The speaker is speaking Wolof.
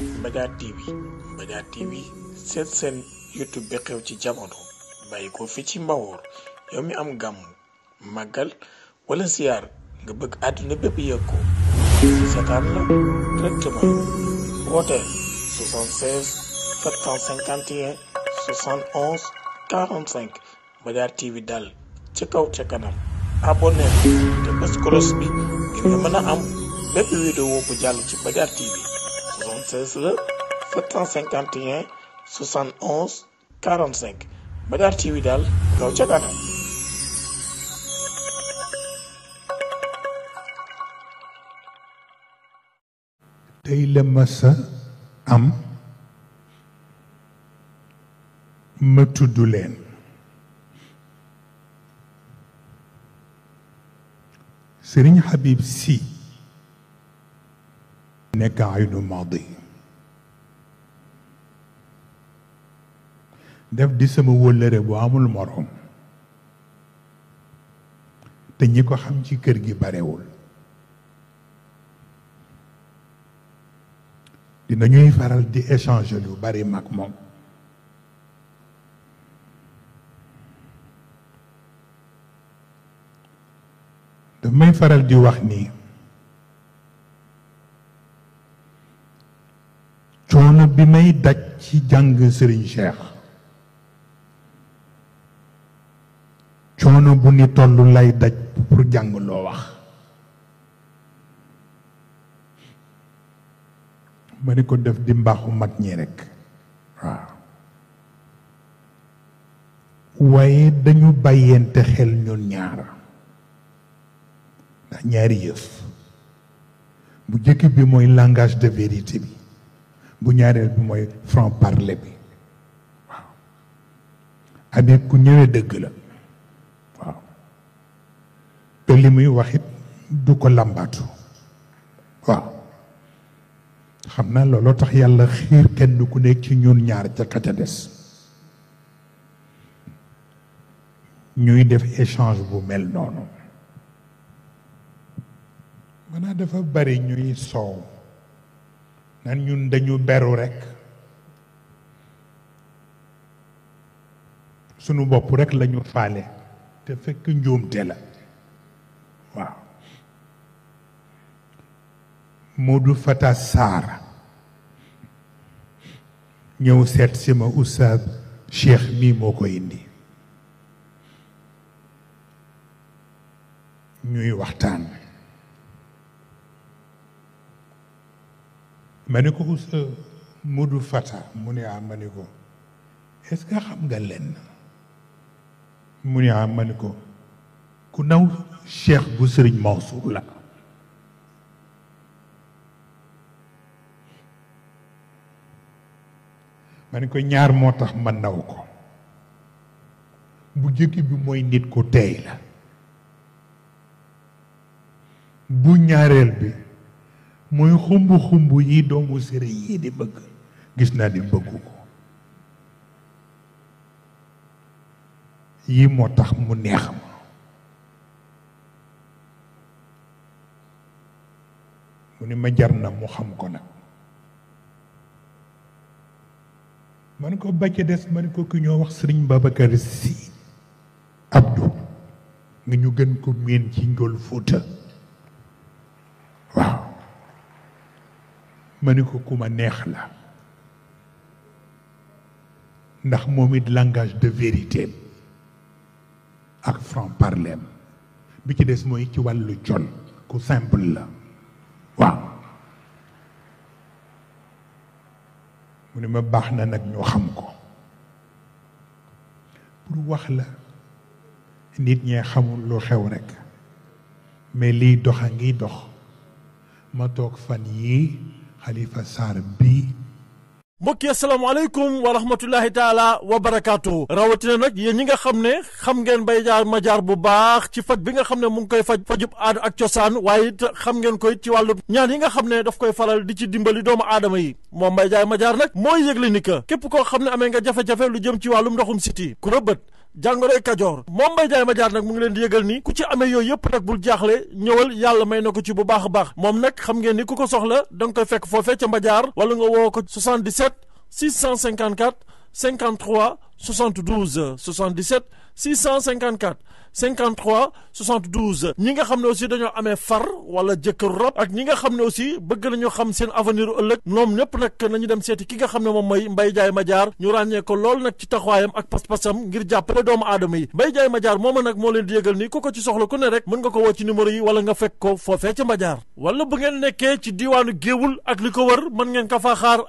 Mbadiar TV seen YouTube bi xew ci jamono bàyyi ko fi ci mbawoor yow mi am gàmm màggal wala siyaar nga bëgg àdduna bépp yëg ko seetaan la directement wooteel 76 751 71 ci kaw ca kanam abonné te bés kolos bi ngir nga mën a am bépp vidéo bu jàll ci Mbadiar 76 la 751 71 45 Médar TV daal gaw tey la masa am ma tudd leen Serigne Habib Sy Aynu Maadi def di sama wëllëre bu amul morom te ñi ko xam ci kër gi barewul dinañuy faral di échange lu bari mag moom daf may faral di wax ni coono bi may daj ci jàng sëriñ Cheikh coono bu ni toll lay daj pour jàng loo wax ma ni ko def di mbaaxu mag ñi rekk waaw waaye dañu bàyyente xel ñun ñaar ndax ñaari yëf bu jëkk bi mooy langage de vérité bi bu ñaareel bi mooy franc parler bi waaw amee ku ñëwee dëgg la du ko làmbaatu waaw xam naa looloo tax yàlla xiir kenn ku nekk ci ñun ñaar ca ka des ñuy def échange bu mel noonu maanaam dafa bari ñuy soow nan ñun dañu beru rekk sunu bopp rekk lañu faale te fekk njuumte la waaw Modou Fata Sarr ñëw seet si ma oustaz Cheikh mii moo ko indi ñuy waxtaan ma ni ko oustaz Modou Fata mu ne ah, mani ko est-ce que xam nga lenn mu ne ah ko ku naw Cheikh bu Sëriñ Mansour la ma ne ko ñaar moo tax ma naw ko bu jëkk bi mooy nit ku teey la bu ñaareel bi mooy xumb xumb yi doomu sere yii di bëgg gis naa ni bëggu ko yi moo tax mu neex ma mu ni ma jar na mu xam ko nag man ko ba des man ko ki ñoo wax sëriñ ba Sy Abdou nga ñu gën ko miin ci Ndiol Fouta waaw ma ni ko ku ma neex la ndax moom it langage de vérité ak franc parler bi ci des mooy ci wàllu jol ku simple la waaw mu ma baax na nag ñu xam ko pour wax la nit ñee xamul loo xew rekk mais liy dox a ngi dox ma toog fan yii xalifa saar bii mbokki yi asalaamaaleykum wa rahmatullahi taala wa barakaatu rawatina nag yéen ñi nga xam ne xam ngeen bay jaar ma bu baax ci faj bi nga xam ne mu ngi koy faj fajub aada ak cosaan waaye it xam ngeen koy ci wàllu ñaan yi nga xam ne daf koy falal di ci dimbali doomu aadama yi moom mbay jaay ma jaar nag mooy yëgle ni que képp koo xam ne amee nga jafe-jafe lu jëm ci wàllum ndoxum siti ku rëbët jàngoroy kajoor moom Mbaye Ndiaye Madiar nag mu ngi leen di yëgal ni ku ci amee yooyu yëpp nag bul jaaxle ñëwal yàlla may na ko ci bu baax a baax moom nag xam ngeen ni ku ko soxla danga koy fekk foofee ca Madiar wala nga woo ko 77 654 53 72 77 654 53 72 ñi nga xam aussi dañoo far wala jëkkër rab ak ñi nga xam aussi bëgg nañoo xam seen avenir ëllëg ñoom ñëpp nag nañu dem seeti ki nga xam moom mooy Mbaye Ndiaye ñu ko lool ci ak pas-pasam ngir jàppale doomu aadama yi Mbaye Ndiaye Madiar mooma nag moo leen di yëgal ni ku ko ci soxla ku ne rek mën nga ko woo ci numéro yi wala nga fekk ko foofee ca Madiar wala bu ngeen nekkee ci diwaanu ak li ko wër mën ngeen faa xaar